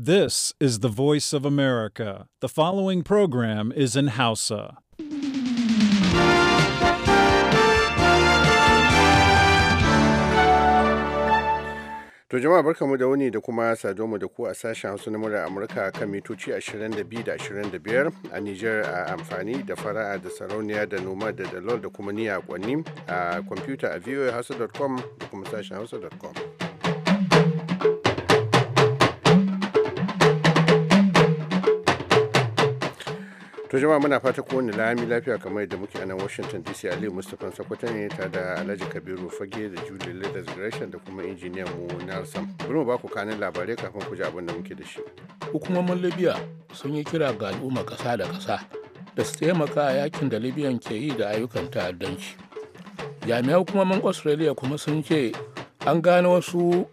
This is the voice of America. The following program is in Hausa. To jama'a barkamu da wani da kuma sado mu da ku a sashen Hausa na murar Amurka kan mitoci 22 da 25 a Nijar a amfani da fara'a da sarauniya da noma da dalol da kuma niya kwanni a kwamfuta a voahausa.com da kuma sashen hausa.com. to jama muna fata kowane lami lafiya kamar da muke anan nan washington dc aliyu mustapha sakwata ne ta da alhaji kabiru fage da julie leathers gresham da kuma injiniyan mu nelson bari mu ba ku kanin labarai kafin ku ji abin da muke da shi hukumomin libya sun yi kira ga al'umma kasa da kasa da su taimaka a yakin da libyan ke yi da ayyukan ta'addanci jami'an hukumomin australia kuma sun ce an gano wasu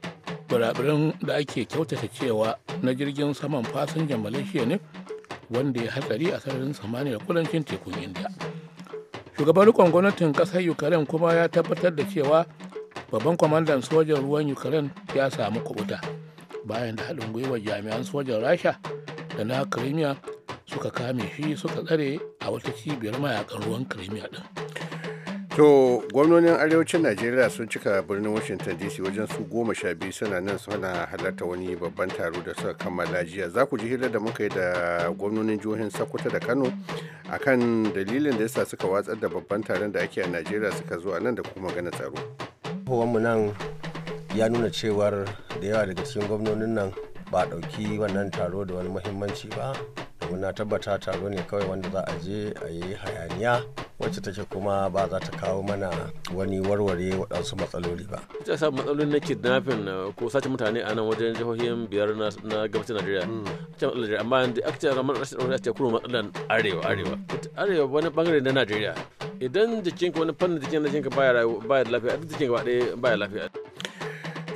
birabiran da ake kyautata cewa na jirgin saman fasinjan malaysia ne wanda ya hadari a sararin samaniya kudancin tekun indiya shugaban rikon gwamnatin kasar ukraine kuma ya tabbatar da cewa babban kwamandan sojan ruwan ukraine ya samu kubuta bayan da haɗin gwiwar jami'an sojan rasha da na crimea suka kame shi suka tsare a wata cibiyar mayakan ruwan crimea din To gwamnonin arewacin Najeriya sun cika birnin Washington DC wajen su goma sha biyu suna nan suna halarta wani babban taro da suka kammala jiya. Za ku ji hira da muka yi da gwamnonin jihohin Sokoto da Kano a kan dalilin da yasa suka watsar da babban taron da ake a Najeriya suka zo a nan da kuma magana tsaro. mu nan ya nuna cewar da yawa daga cikin gwamnonin nan ba a ɗauki wannan taro da wani muhimmanci ba. Domin na tabbata taro ne kawai wanda za a je a yi hayaniya wacce take kuma ba za ta kawo mana wani warware waɗansu matsaloli ba. Ita sa matsalolin na kidnapping ko sace mutane a nan wajen jihohin biyar na gabashin Najeriya. Ita hmm. matsalar Najeriya amma da ake cewa ramar rashin ɗaure ta kuma matsalar arewa arewa. Arewa wani bangare na Najeriya. Idan jikinka wani fannin jikin na jikinka baya da lafiya, duk jikinka ba ɗaya baya lafiya.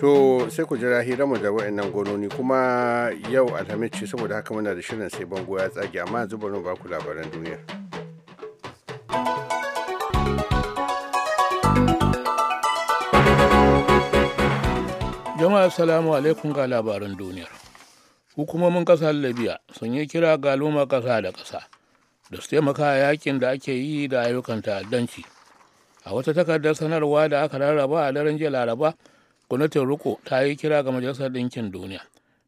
To sai ku jira mu da wa'annan gononi kuma yau alhamis ce saboda haka muna da shirin sai bango ya tsage amma yanzu bari ba ku labaran duniya. jama'a salamu alaikum ga labaran duniyar hukumomin kasar libya sun yi kira ga luma ƙasa da ƙasa da su taimaka a yakin da ake yi da ayyukan ta'addanci a wata takardar sanarwa da aka rarraba a daren jiya laraba gwamnatin riko ta yi kira ga majalisar ɗinkin duniya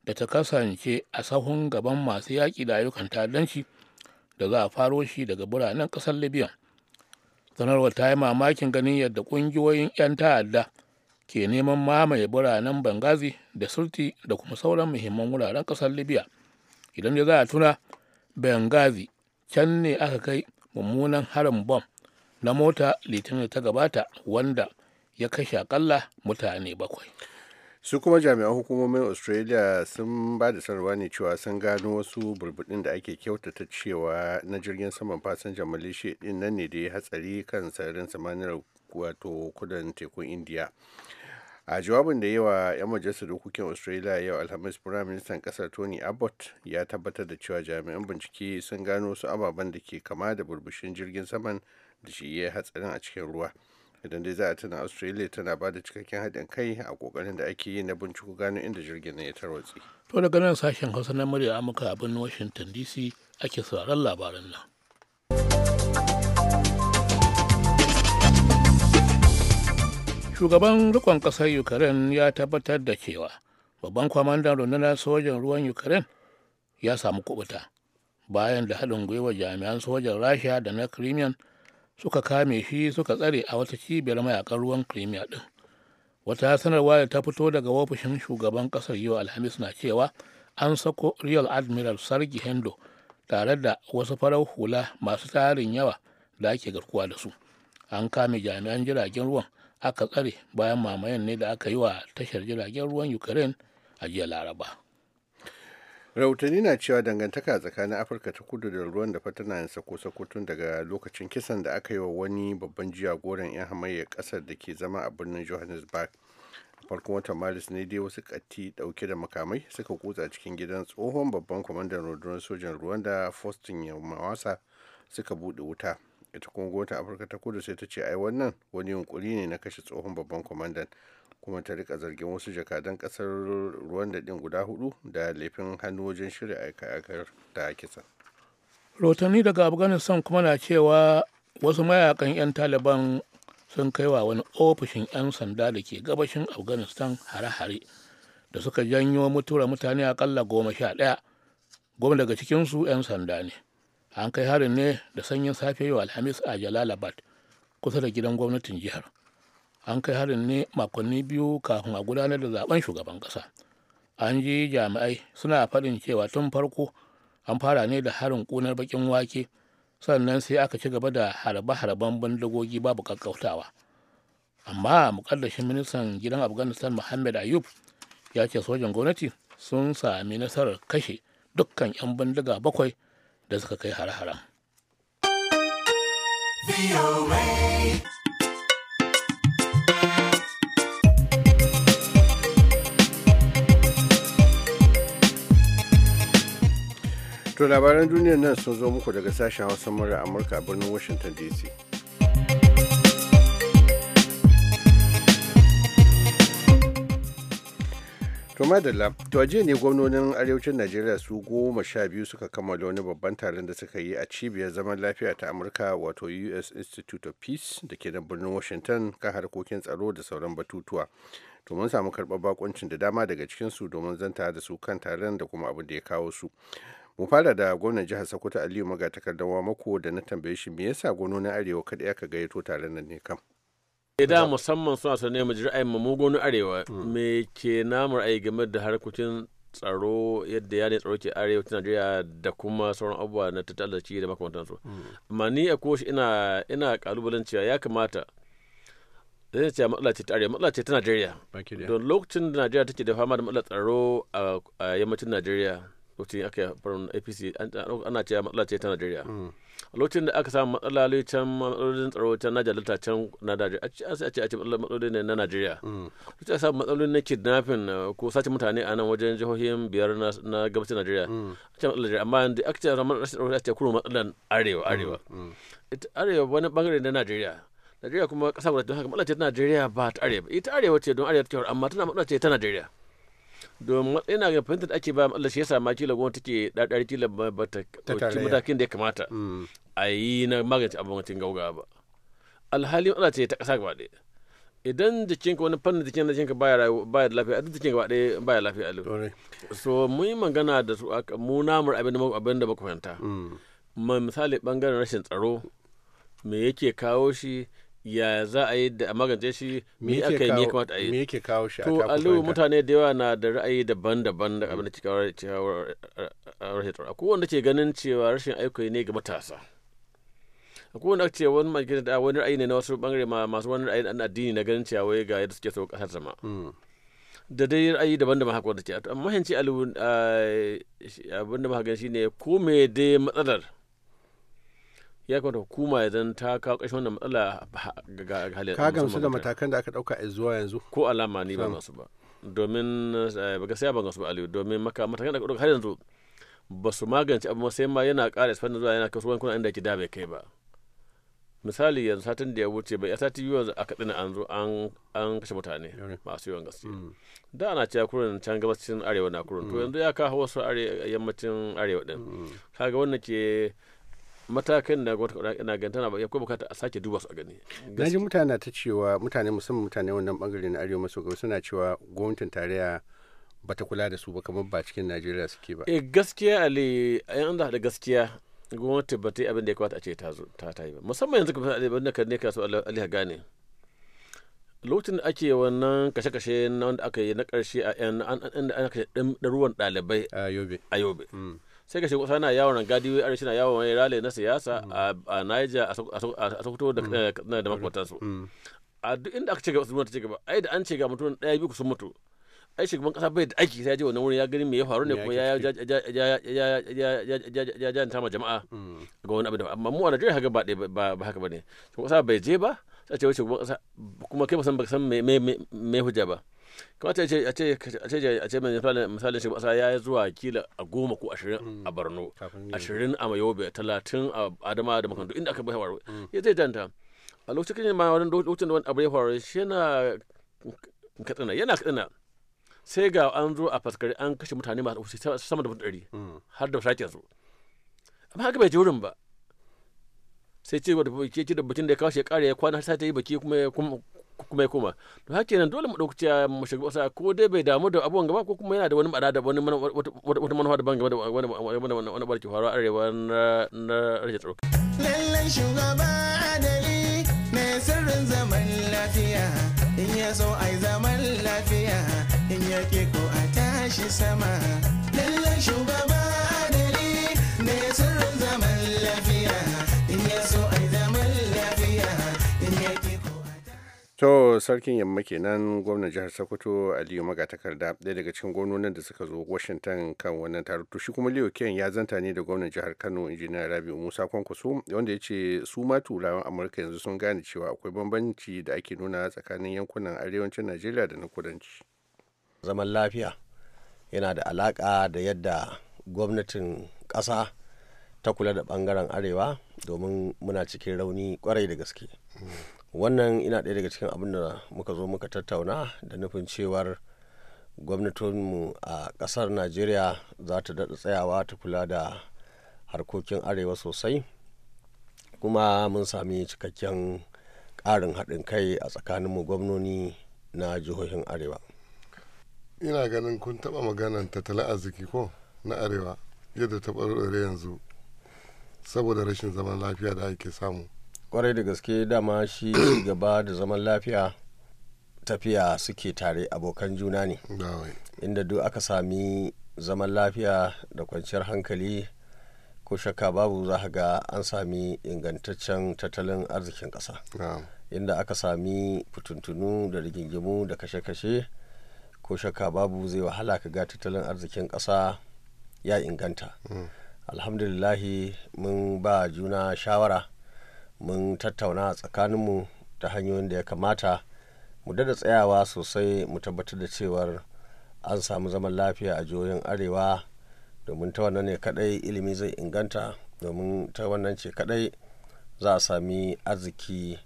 da ta kasance a sahun gaban masu yaƙi da ayyukan ta'addanci da za a faro shi daga biranen ƙasar libya sanarwar ta yi mamakin ganin yadda ƙungiyoyin 'yan ta'adda ke neman mamaye biranen bangazi da sirti da kuma sauran muhimman wuraren ƙasar libya idan da za a tuna bengazi can ne aka kai mummunan harin bom na mota litinin ta gabata wanda ya kashe akalla mutane bakwai su kuma jami'an hukumomin australia sun ba da sanarwa ne cewa sun gano wasu burbuɗin da ake kyautata cewa na jirgin saman fasinjan malaysia din nan ne da ya hatsari kan sararin samaniyar wato kudan tekun indiya a jawabin da yawa 'yan majalisar dokokin australia yau alhamis firayim ministan kasar tony abbott ya tabbatar da cewa jami'an bincike sun gano wasu ababen da ke kama da burbushin jirgin saman da shi ya hatsarin a cikin ruwa idan dai za a tuna australia tana ba da cikakken haɗin kai a ƙoƙarin da ake yi na binciko gano inda jirgin na ya tarwatse to daga nan sashen hausa na murya amurka a birnin washington dc ake sauraron labaran nan shugaban rikon kasar ukraine ya tabbatar da cewa babban kwamandan rundunar sojan ruwan ukraine ya samu kubuta bayan da haɗin gwiwa jami'an sojan rasha da na crimea suka kame shi suka tsare a wata cibiyar mayakan ruwan crimea ɗin wata sanarwa da ta fito daga ofishin shugaban kasar yau alhamis na cewa an sako real admiral sargi hendo tare da wasu farar hula masu tarin yawa da ake garkuwa da su an kame jami'an jiragen ruwan aka tsare bayan mamayen ne da aka yi wa tashar jiragen ruwan ukraine a jiya laraba rahotanni na cewa dangantaka tsakanin afirka ta kudu da ruwan da fatana yin sako tun daga lokacin kisan da aka yi wa wani babban jiya jagoran 'yan hamayya kasar da ke zama a birnin johannesburg farkon watan maris ne dai wasu kati dauke da makamai suka kutsa cikin gidan tsohon babban kwamandan rundunar sojan ruwan da faustin yamawasa suka buɗe wuta ita kuma gwamnatin afirka ta kudu sai ta ce ai wannan wani yunkuri ne na kashe tsohon babban kwamandan kuma ta rika zargin wasu jakadan kasar rwanda din guda hudu da laifin hannu wajen shirya aika-aikar ta kisa. rotanni daga afghanistan kuma na cewa wasu mayakan 'yan taliban sun kai wa wani ofishin 'yan sanda da ke gabashin afghanistan hare-hare da suka janyo mutura mutane akalla goma sha ɗaya goma daga cikinsu 'yan sanda ne an kai harin ne da sanyin safe yau alhamis a jalalabad kusa da gidan gwamnatin jihar an kai harin ne makonni biyu kafin a gudanar da zaben shugaban kasa an ji jami'ai suna faɗin cewa tun farko an fara ne da harin ƙunar bakin wake sannan sai aka ci gaba da harbe-harben bindigogi babu kakkautawa amma mukaddashin ministan gidan afghanistan muhammad ayub ya ce sojan gwamnati sun sami nasarar kashe dukkan 'yan bindiga bakwai da suka kai hare-haren. To labaran duniyar nan sun zo muku daga sashen Hausa murya Amurka a birnin Washington DC. To da to a jiya ne gwamnonin arewacin Najeriya su goma sha biyu suka kammala wani babban taron da suka yi a cibiyar zaman lafiya ta Amurka wato US Institute of Peace da ke nan birnin Washington kan harkokin tsaro da sauran batutuwa. To mun samu karɓar bakoncin da dama daga cikinsu domin zanta da su kan taron da kuma abin da ya kawo su. Mu fara da gwamnan jihar Sokoto Aliyu Magatakardawa mako da na tambaye shi me yasa gwamnonin Arewa kaɗai aka gayyato taron nan ne kam. Eh, da musamman suna su ne mu ra'ayin mamugun arewa hmm. me ke namur ra'ayi game da harkokin tsaro yadda ya ne tsaro ke arewa ta najeriya da kuma sauran abubuwa na tattalin arziki da makamantansu hmm. amma ni a koshi ina ina kalubalen cewa ya kamata zai ce matsala ce ta arewa matsala ce ta najeriya don lokacin da najeriya take da fama da matsalar tsaro a yammacin najeriya lokacin aka farin apc ana ce matsala ce ta najeriya mm. a lokacin da aka samu matsala can matsalolin tsaro can na jalilta can na najeriya a ce a ce a ce matsaloli ne na najeriya lokacin mm. aka samu matsaloli na kidnapping uh, ko sace mutane a nan wajen jihohin biyar na gabashin najeriya mm. a ce matsalar najeriya amma da aka ce a samu matsalar tsaro a ce kuma matsalar arewa arewa arewa wani bangare na najeriya najeriya kuma kasa guda don haka matsalar ce ta najeriya ba ta arewa ita arewa ce don arewa ta kyau amma tana matsalar ce ta najeriya domin matsayin ga fahimtar da ake ba Allah shi yasa ma kila gwamnati take ɗaɗɗari kila ba ta matakin da ya kamata mm. a yi na magance abincin gauga ba alhali matsala ce ta ƙasa gaba ɗaya idan ka wani fannin jikin da ka baya baya da lafiya duk jikinka ɗaya baya lafiya a so mun yi magana da su mu namur abin da abin da fahimta mm. ma misali bangaren rashin tsaro me yake kawo shi ya za a yi da magance shi me aka yi me kamata a yi me yake kawo shi to alu mutane da yawa na da ra'ayi daban-daban da abin da cikin rashin tsaro akwai wanda ke ganin cewa rashin aiko ne ga matasa akwai wanda ce wani magana da wani ra'ayi ne na wasu bangare masu wani ra'ayi na addini na ganin cewa wai ga yadda suke so kasar zama hmm. da dai ra'ayi daban-daban haka wanda ce amma hanci alu abin da muka gani shine ko me dai matsalar ya kamata hukuma idan ta kawo ƙarshen wanda matsala ga halin ka gamsu da matakan da aka ɗauka a zuwa yanzu ko alama ni ba masu ba domin eh, ba gaskiya ban gamsu ba aliyu domin maka matakan da aka ɗauka har yanzu ba su magance abu sai ma yana ƙara expand zuwa yana kasuwan kuna inda ki da kai ba misali yanzu satin da ya wuce bai sati biyu yanzu aka tsina an zo an kashe mutane masu yawan gaske mm. da ana cewa kurin can gabacin arewa na kurin to mm. yanzu ya kawo wasu yammacin arewa din mm. kaga wannan ke matakan da na ganta na ya kuma bukata a sake duba su a gani na ji mutane ta cewa mutane musamman mutane wannan bangare na arewa maso gaba suna cewa gwamnatin tarayya bata kula da su ba kamar ba cikin najeriya suke ba eh gaskiya ali an da gaskiya gwamnati ba ta yi abin da ya kamata a ce ta zo ta ta yi ba musamman yanzu Ali abin da ne Ali ha gane lokacin da ake wannan kashe-kashe na wanda aka yi na karshe a yan an an an ɗalibai a yobe a yobe mm. sai ka shiga sana yawon rangadi arewa na yawon wani rale na siyasa a niger a sokoto da makwatansu a duk inda aka ce gaba sun ta ce gaba ai da an ce ga mutum ɗaya biyu sun mutu ai shugaban kasa bai da aiki sai ya je wannan wurin ya gani me ya faru ne kuma ya ya janta ma jama'a ga wani abu da amma mu a Najeriya haka ba ba haka bane shugaban kasa bai je ba sai ce shugaban kasa kuma kai ba san ba san me me me hujja ba kamata a ce a ce misalin shi kasa ya yi zuwa kila a goma ko ashirin a mm. borno ashirin a mayobe talatin a adama da makarantu inda aka bai faru mm. ya zai janta a lokacin ma wani lokacin da wani abu ya faru shi yana katsina yana katsina sai ga an zo a faskari an kashe mutane masu sama da mutu ɗari mm. har da sake zo amma haka bai ji wurin ba sai ce da baki da batun da ya kawo shekara ya kwana sai ta yi baki kuma kuma ya koma to haka nan dole mu dauki cewa mu shiga wasa ko dai bai damu da abubuwan gaba ko kuma yana da wani ma'ana da wani wata manufa daban game da wani wani wani wani barki faruwa arewa na na rage tsaro lallan shugaba adali ne sirrin zaman lafiya in ya so ai zaman lafiya in ya ke ko a tashi sama lallan shugaba to sarkin yamma kenan gwamnan jihar sokoto aliyu magatakarda ɗaya daga cikin gwamnonin da suka zo washinton kan wannan taro to shi kuma leo ken ya zanta ne da gwamnan jihar kano injiniya rabiu musa kwankwaso wanda ya ce su ma turawan amurka yanzu sun gane cewa akwai bambanci da ake nuna tsakanin yankunan arewacin najeriya da na kudanci zaman lafiya yana da alaka da yadda gwamnatin ƙasa ta kula da ɓangaren arewa domin muna cikin rauni kwarai da gaske wannan ina ɗaya daga cikin abin da muka zo muka tattauna da nufin cewar gwamnatinmu a ƙasar najeriya za ta daɗa tsayawa ta kula da harkokin arewa sosai kuma mun sami cikakken ƙarin haɗin kai a tsakaninmu gwamnoni na jihohin arewa ina ganin kun taɓa maganan tattalin arziki ko na arewa yadda ta yanzu saboda rashin zaman lafiya da ake samu kwarai da gaske dama shi gaba da zaman lafiya tafiya suke tare abokan juna ne inda duk aka sami zaman lafiya da kwanciyar hankali ko shakka babu za ga an sami ingantaccen tattalin arzikin ƙasa inda aka sami fituntunu da rigingimu da kashe-kashe ko shakka babu zai wahala ka ga tattalin arzikin ƙasa ya inganta mm. alhamdulillahi mun ba juna shawara mun tattauna tsakaninmu ta hanyoyin da ya kamata mu dada tsayawa sosai mu tabbatar da cewar an samu zaman lafiya a jihohin arewa domin ta wannan ne kadai ilimi zai inganta domin ta wannan ce kadai za a sami arziki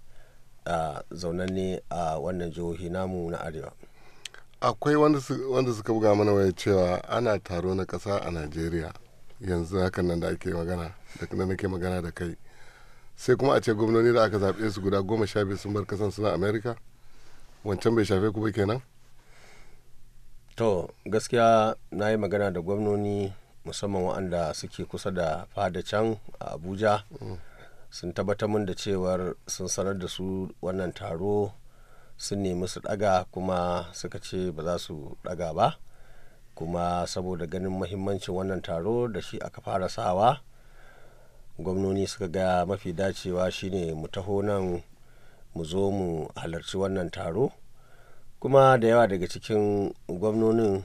a zaunanne a wannan jihohi namu na arewa akwai wanda suka buga mana waya cewa ana taro na ƙasa a najeriya yanzu hakan nan da ake da nake magana da kai sai kuma a ce gwamnoni da aka zaɓe su guda goma sha biyu sun bar kasan suna america wancan bai shafe ku ba kenan to gaskiya na yi magana da gwamnoni musamman waɗanda suke kusa da fada can a abuja mm. sun tabbatar mun da cewar sun sanar da su wannan taro sun nemi su ɗaga kuma suka ce ba za su ɗaga ba kuma saboda ganin mahimmancin wannan taro da shi aka fara sawa gwamnoni suka ga mafi dacewa shine mu taho nan mu zo mu halarci wannan taro kuma da yawa daga cikin gwamnonin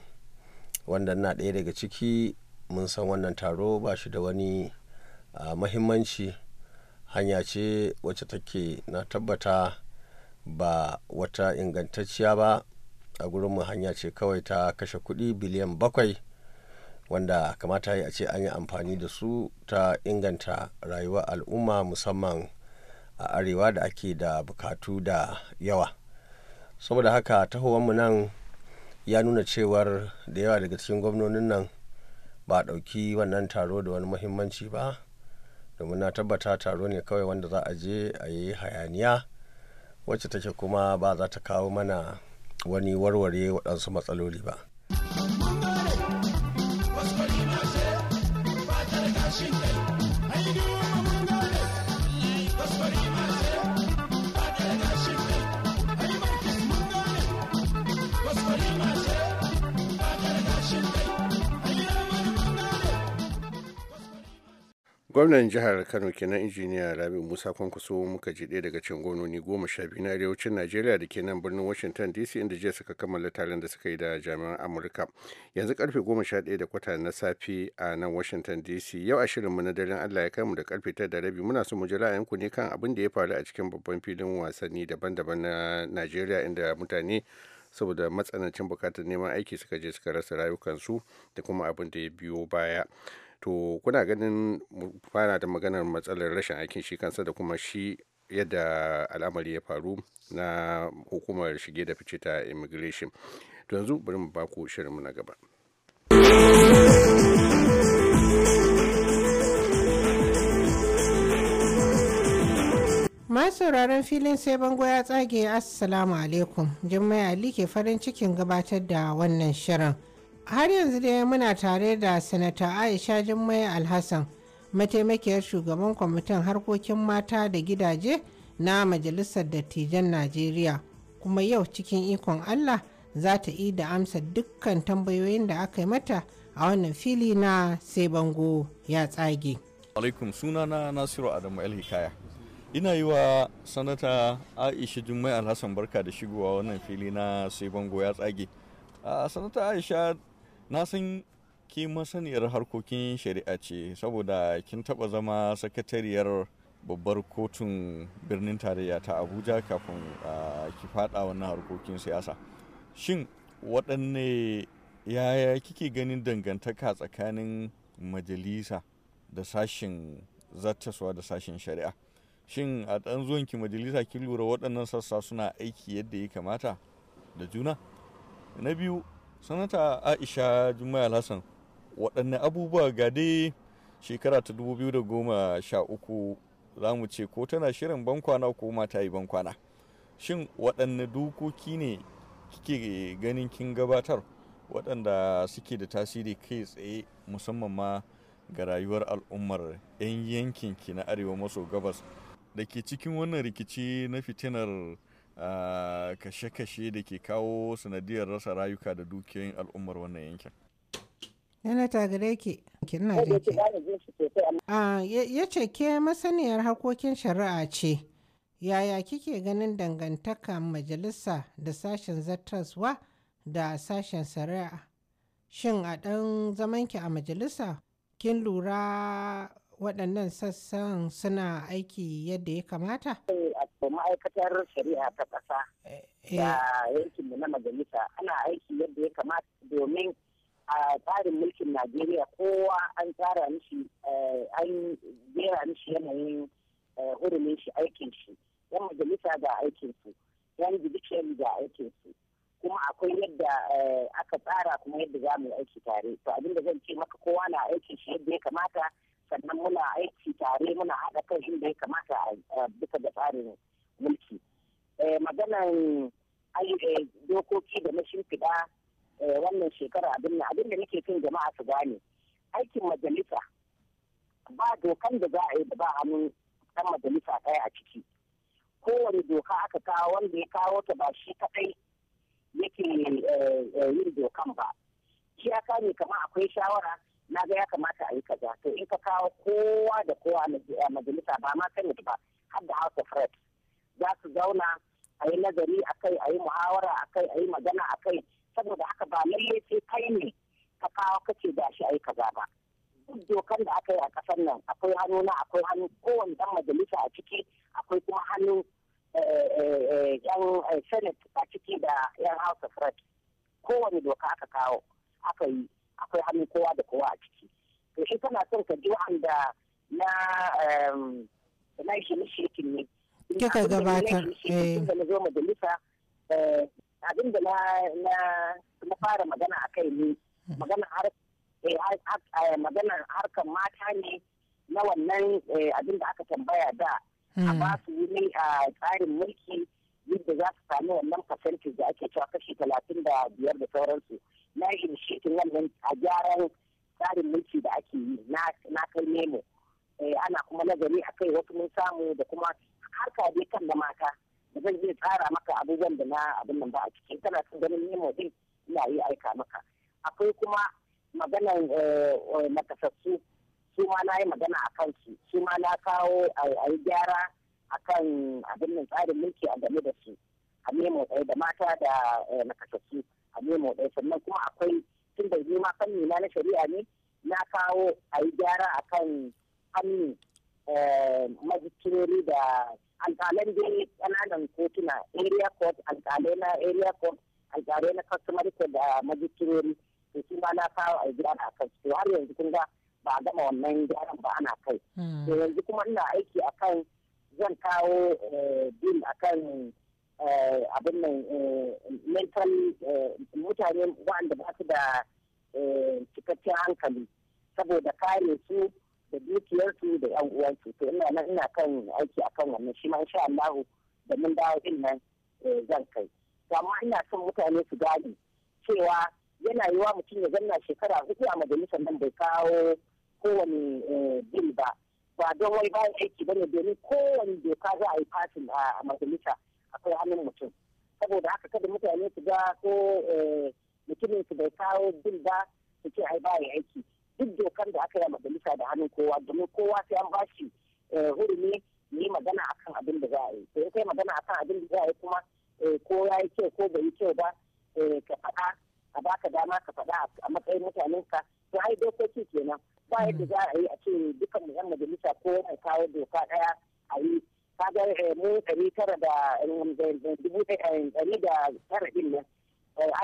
wanda na ɗaya daga ciki mun san wannan taro ba shi da wani mahimmanci hanya ce wacce take na tabbata ba wata ingantacciya ba a gurinmu hanya ce kawai ta kashe kuɗi biliyan bakwai wanda kamata ya ce an yi amfani da su ta inganta rayuwa al'umma musamman a arewa da ake da bukatu da yawa saboda haka tahowarmu nan ya nuna cewar da yawa daga cikin gwamnonin nan ba a ɗauki wannan taro da wani muhimmanci ba domin na tabbata taro ne kawai wanda za a je a yi hayaniya wacce take kuma ba za ta kawo mana wani warware waɗansu matsaloli ba. Washington. gwamnan jihar kano kenan injiniya rabi musa kwankwaso muka ji daya daga cin gononi goma sha biyu na arewacin najeriya da ke birnin washington dc inda jiya suka kammala taron da suka yi da jami'an amurka yanzu karfe goma sha ɗaya da kwata na safe a nan washington dc yau a shirinmu na daren allah ya kai mu da karfe tara da rabi muna so mu ji ra'ayinku ne kan abin da ya faru a cikin babban filin wasanni daban-daban na najeriya inda mutane saboda matsanancin bukatar neman aiki suka je suka rasa rayukansu da kuma abin da ya biyo baya to kuna ganin fara da maganar matsalar rashin aikin shi kansa da kuma shi yadda al'amari ya faru na hukumar shige da fice ta immigration to yanzu bari mu baku shirinmu na gaba ma sauraron filin sai bango ya tsage assalamu alaikum jummai ali ke farin cikin gabatar da wannan shirin har yanzu dai muna tare da sanata aisha jummai alhassan mataimakiyar shugaban kwamitin harkokin mata da gidaje na majalisar dattijan najeriya kuma yau cikin ikon allah za ta yi da amsa dukkan tambayoyin da aka yi mata a wannan fili na sai bango ya tsage alaikum sunana nasiru adamu el ina yi wa sanata aisha jummai alhassan barka da shigowa wannan fili na sai bango ya tsage A ah, sanata aisha na san ki masaniyar harkokin shari'a ce saboda kin taba zama sakatariyar babbar kotun birnin tarayya ta abuja kafin ki fada wannan harkokin siyasa shin waɗanne yaya kike ganin dangantaka tsakanin majalisa da sashen zattaswa da sashen shari'a shin a ɗan zuwanki majalisa ki lura waɗannan sassa suna aiki yadda ya kamata da juna na biyu sanata aisha juma'a hassan waɗanne abubuwa ga dai shekara ta 2013 za mu ce ko tana shirin bankwana ko ma yi bankwana shin waɗanne dokoki ne kike ganin kin gabatar waɗanda suke da tasiri kai tsaye musamman ma ga rayuwar al'ummar 'yan yankin ki na arewa maso gabas da ke cikin wannan rikici na fitinar kashe-kashe da ke kawo sanadiyar rasa rayuka da dukiyoyin al'ummar wannan yankin. yana gare ki kina da ke ya ce ke masaniyar harkokin shari'a ce yaya kike ganin dangantaka majalisa da sashen zartaswa da sashen shari'a shin a ɗan zamanki a majalisa kin lura waɗannan sassan suna aiki yadda ya kamata? Eh, a ma'aikatar shari'a ta ƙasa eh, da eh. yankin mu na majalisa ana aiki yadda ya kamata domin a tsarin mulkin najeriya kowa an tsara mishi an gera mishi yanayin hurumin shi aikin shi yan majalisa ga aikin su yan judiciary ga aikin su kuma akwai yadda aka tsara kuma yadda za mu aiki tare to abinda zan ce maka kowa na aikin shi yadda ya kamata sannan muna aiki tare muna haɗa kan inda ya kamata a eh, bisa da tsarin mulki eh, maganan eh, dokoki da na shimfiɗa wannan shekara abin da abin da nake kan jama'a su gane aikin majalisa ba dokan da za a yi da ba hannun ɗan majalisa ɗaya a ciki kowane doka aka kawo wanda ya kawo ta ba shi kaɗai yake yin dokan ba iyaka ne kamar akwai shawara na ga ya kamata a yi kaza to in ka kawo kowa da kowa a majalisa ba ma senate ba har da house of reps za su zauna a yi nazari a kai a yi muhawara a kai a yi magana a kai saboda haka ba lalle sai kai ne ka kawo kace da shi a yi kaza ba duk dokan da aka yi a kasar nan akwai hannu na akwai hannu kowane dan majalisa a ciki akwai kuma hannu eh, eh, eh, yan senate a ciki da yan house of reps kowane doka aka kawo aka yi akwai hannun kowa da kowa a ciki to shi kana son ka ji wanda na na shi shirkin ne kika gabatar eh. da na zo majalisa eh, abin da na na fara magana a kai ne magana eh, harkar mata ne na wannan abin da aka tambaya da a hmm. ba su ne a tsarin mulki alƙalai na customer ke da magistrori to shi ma na kawo a gyara a kai to har yanzu kun ga ba a gama wannan gyaran ba ana kai hmm. to yanzu kuma ina aiki akan zan kawo eh, bil akan eh, abin nan eh, mental mutane waɗanda ba su da cikakken hankali saboda kare su da dukiyarsu da yan uwansu to ina nan ina kan aiki akan wannan shi ma insha Allah da mun dawo din nan zan kai amma ina son mutane su gani cewa yana yiwa mutum ya zanna shekara hudu a majalisar nan bai kawo kowane eh, bil ba ba don wai bayan aiki ba bane domin kowane doka za a yi fasin a majalisa akwai hannun mutum saboda haka kada mutane su ga ko eh, mutumin su bai kawo bil ba su ce ai ba aiki duk dokan da aka yi a majalisa da hannun kowa domin kowa sai an bashi eh, hurumi yi magana akan abin da za a yi sai ya kai magana akan abin da za a yi kuma Eh, ko ya yi kyau ko bai yi kyau ba eh, ka faɗa a baka dama ka faɗa a matsayin mutanen ka to ai dokoki kenan ba mm. yadda za a yi a ce dukkan mu yan majalisa ko yana kawo doka ɗaya a yi kaga eh, mu ɗari tara da dubu ɗari da tara ɗin nan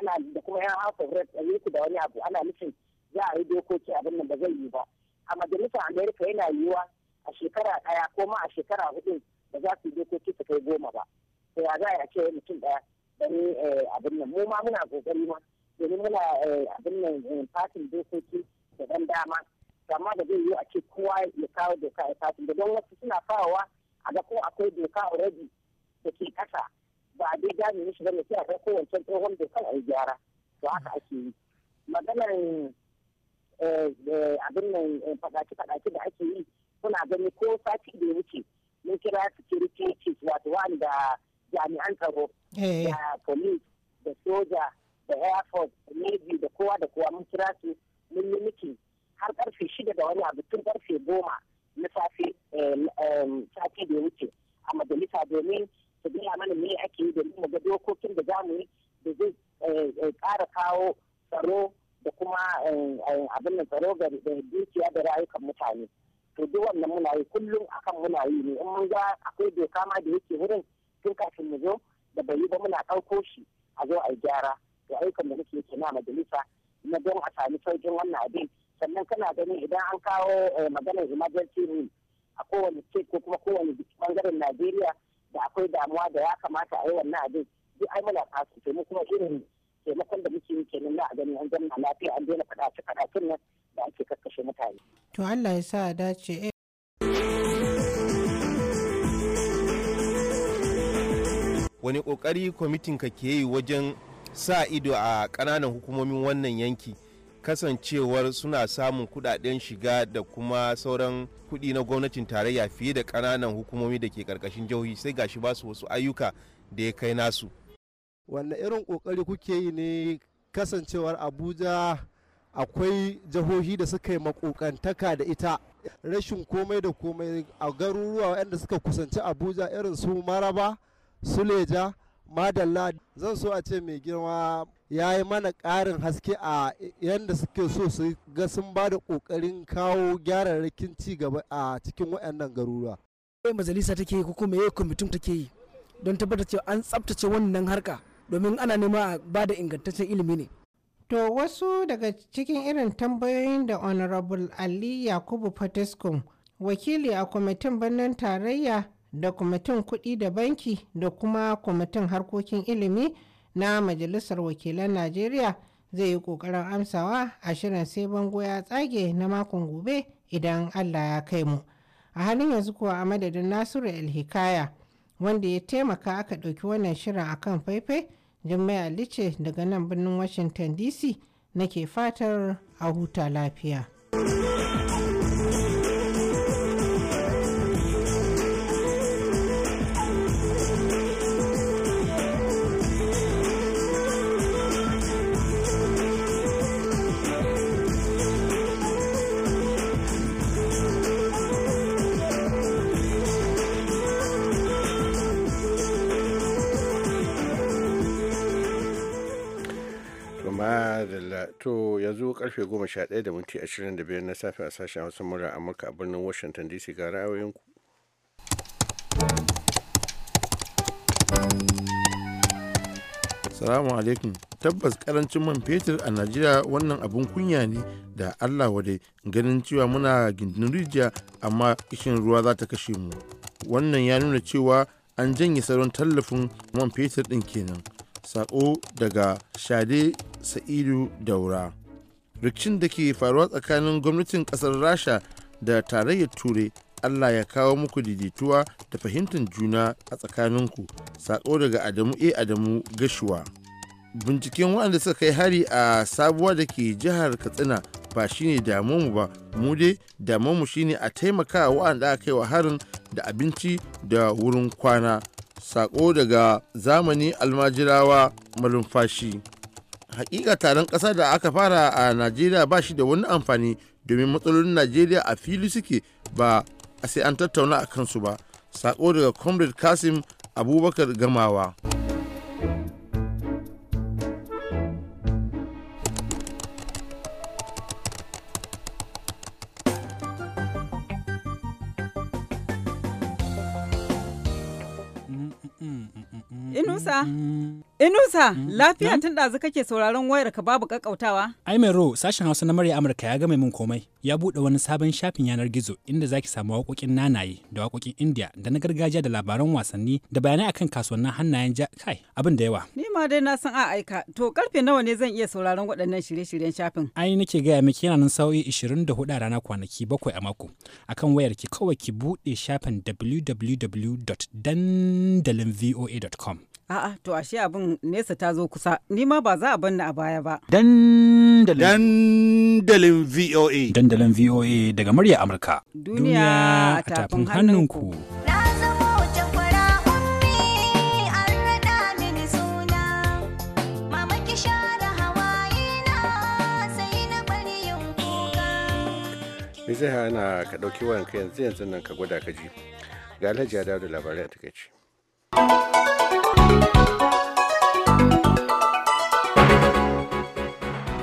ana da kuma yan house of rep ɗari da wani abu ana nufin za a yi dokoki abin nan ba zai yi ba a majalisar amerika yana yiwuwa a shekara ɗaya ko ma a shekara hudu ba za su yi dokoki su kai goma ba ya za a ce mutum ɗaya don eh, abin nan mu ma muna kokari ma domin muna eh, abin nan eh, fatin dokoki da ban dama amma da zai yi a ce kowa ya kawo doka ya fatin da don wasu suna fawa a ga ko akwai doka already da ke ƙasa ba a dai gane shiga ba ne sai a ga ko tsohon dokan a yi gyara to haka ake yi maganar abin nan faɗace fadace da ake yi jami'an tsaro eh. To Allah ya sa a dace. Eh, Wani ƙoƙari kwamitin ka ke yi wajen sa ido a ƙananan hukumomin wannan yanki kasancewar suna samun kudaden shiga da kuma sauran kuɗi na gwamnatin tarayya fiye da ƙananan hukumomi da ke ƙarƙashin jauhi sai gashi ba su wasu ayyuka da ya kai nasu. Wanne irin ƙoƙari kuke yi ne kasancewar Abuja akwai jihohi da suka yi makokantaka da ita rashin komai da komai a garuruwa waɗanda suka kusanci abuja irin su maraba suleja madalla zan so a ce mai girma ya yi mana ƙarin haske a yadda suke so su ga sun ba da ƙoƙarin kawo gyararrakin ci gaba a cikin waɗannan garuruwa. Me majalisa take yi ko kuma me kwamitin take yi don tabbatar cewa an tsabtace wannan harka domin ana neman a ba da ingantaccen ilimi ne. To wasu daga cikin irin tambayoyin da Honorable Ali Yakubu Fatiskum wakili a kwamitin birnin tarayya da kwamitin kuɗi da banki da kuma kwamitin harkokin ilimi na Majalisar Wakilan Najeriya zai yi ƙoƙarin amsawa a shirin sai bango ya tsage na makon gobe idan Allah ya kai mu. A halin yanzu kuwa a madadin Nasiru El Hikaya wanda ya taimaka aka ɗauki wannan shirin akan faifai. jami'a lice daga nan birnin washington dc nake fatar a huta lafiya. madalla to yanzu karfe 11:25 na safe a sashen hausa murar amurka a birnin washington dc ga ra'ayoyinku salamu alaikum tabbas karancin man fetur a najeriya wannan abin kunya ne da allah wadai ganin cewa muna gindin rijiya amma kishin ruwa za ta kashe mu wannan ya nuna cewa an janye sauran tallafin man fetur din kenan sako daga shade sa'idu daura rikicin da ke faruwa tsakanin gwamnatin kasar rasha da tarayyar turai allah ya kawo muku daidaituwa da fahimtar juna a tsakaninku sako daga adamu a adamu gashuwa binciken waɗanda suka kai hari a sabuwa da ke jihar katsina ba shine damuwa ba mu dai damuwa shine a taimaka waɗanda aka kai wa harin da abinci da wurin kwana sako daga zamani almajirawa malumfashi hakika taron ƙasa da aka fara a najeriya ba shi da wani amfani domin matsalolin najeriya a fili suke ba a sai an tattauna a kansu ba sako daga comrade kasim abubakar gamawa Inusa. Mm. Inusa, mm. lafiya mm. tun ɗazu kake sauraron wayar ka babu kakkautawa? Ai mai ro, sashen Hausa na murya Amurka ya gama min komai. Ya buɗe wani sabon shafin yanar gizo inda zaki samu waƙoƙin nanaye da waƙoƙin India da na gargajiya da labaran wasanni da bayanai akan kasuwannin hannayen ja kai abin da yawa. Ni ma dai na san a aika. To karfe nawa ne zan iya sauraron waɗannan shirye-shiryen shafin? Ai nake gaya miki yana nan sa'o'i 24 a rana kwanaki bakwai a mako. Akan wayar ki kawai ki buɗe shafin www.dandalinvoa.com. A'a to ashe abin nesa ta zo kusa ni ma ba za a banna a baya ba. Dandalin VOA Dandalin VOA daga murya Amurka. Duniya a tafin hannunku. ni zai hana ka ɗauki kai yanzu yanzu nan ka gwada ka ji. Ga Alhaji ya dawo da labarai a takaici.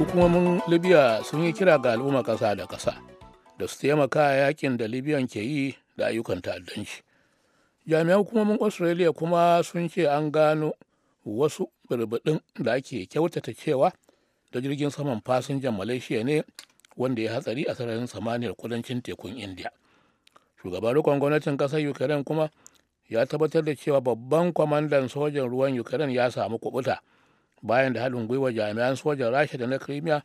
hukumomin libya sun yi kira ga al'umma ƙasa da ƙasa da su taimaka a yakin da libyan ke yi da ayyukan ta'addanci jami'an hukumomin australia kuma sun ce an gano wasu birbiɗin da ake kyautata cewa da jirgin saman fasinjan malaysia ne wanda ya hatsari a sararin samaniyar kudancin tekun india shugaban rukun gwamnatin ƙasar ukraine kuma ya tabbatar da cewa babban kwamandan sojan ruwan ukraine ya samu kubuta bayan da haɗin gwiwa jami'an sojan rasha da na kirimiya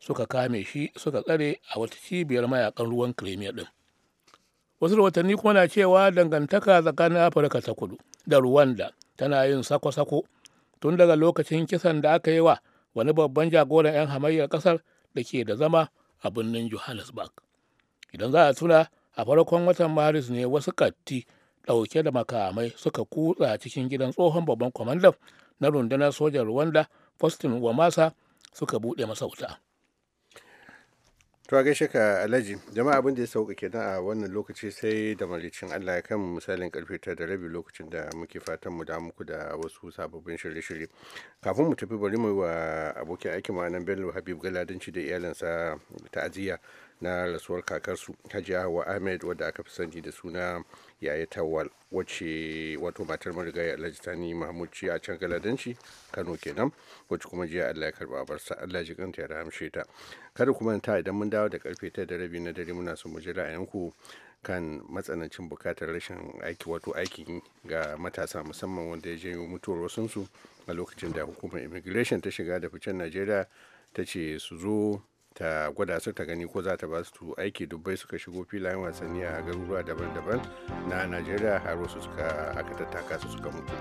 suka kame shi suka tsare a wata cibiyar mayakan ruwan kirimiya ɗin wasu rahotanni kuma na cewa dangantaka tsakanin afirka ta kudu da rwanda tana yin sako-sako tun daga lokacin kisan da aka yi wa wani babban jagoran 'yan hamayyar kasar da ke da zama a birnin johannesburg idan za a tuna a farkon watan maris ne wasu katti ɗauke da makamai suka kutsa cikin gidan tsohon babban kwamandan na rundunar sojan rwanda faustin wamasa suka buɗe masa wuta to gaishe ka alhaji jama'a abin da ya sauka kenan a wannan lokaci sai da malicin allah ya kan misalin karfe ta da rabi lokacin da muke fatan mu da muku da wasu sababbin shirye-shirye kafin mu tafi bari mu wa abokin aikin ma'anan bello habib galadanci da iyalinsa ta'aziyya na rasuwar kakarsu hajiya hawa ahmed wadda aka fi sani da suna yaya tawal wacce wato matar marigayi alhaji ni mahmud ce a can galadanci kano kenan wacce kuma jiya allah ya karba sa allah ji kanta ya rahamshe ta kada kuma ta idan mun dawo da karfe ta da rabi na dare muna son mu ji ra'ayinku kan matsanancin bukatar rashin aiki wato aikin ga matasa musamman wanda ya janyo mutuwar wasunsu a lokacin da hukumar immigration ta shiga da ficen najeriya ta ce su zo ta gwada su ta gani ko za ta ba su aiki dubbai suka shigo filayen wasanni a garuruwa daban-daban na najeriya har wasu suka aka tattaka su suka mutu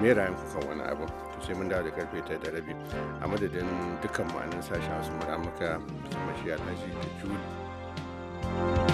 me rayan kukan wani abu to sai mun dawo da karfe ta da rabi a madadin dukkan ma'anin sashen wasu su mashi alhaji da jude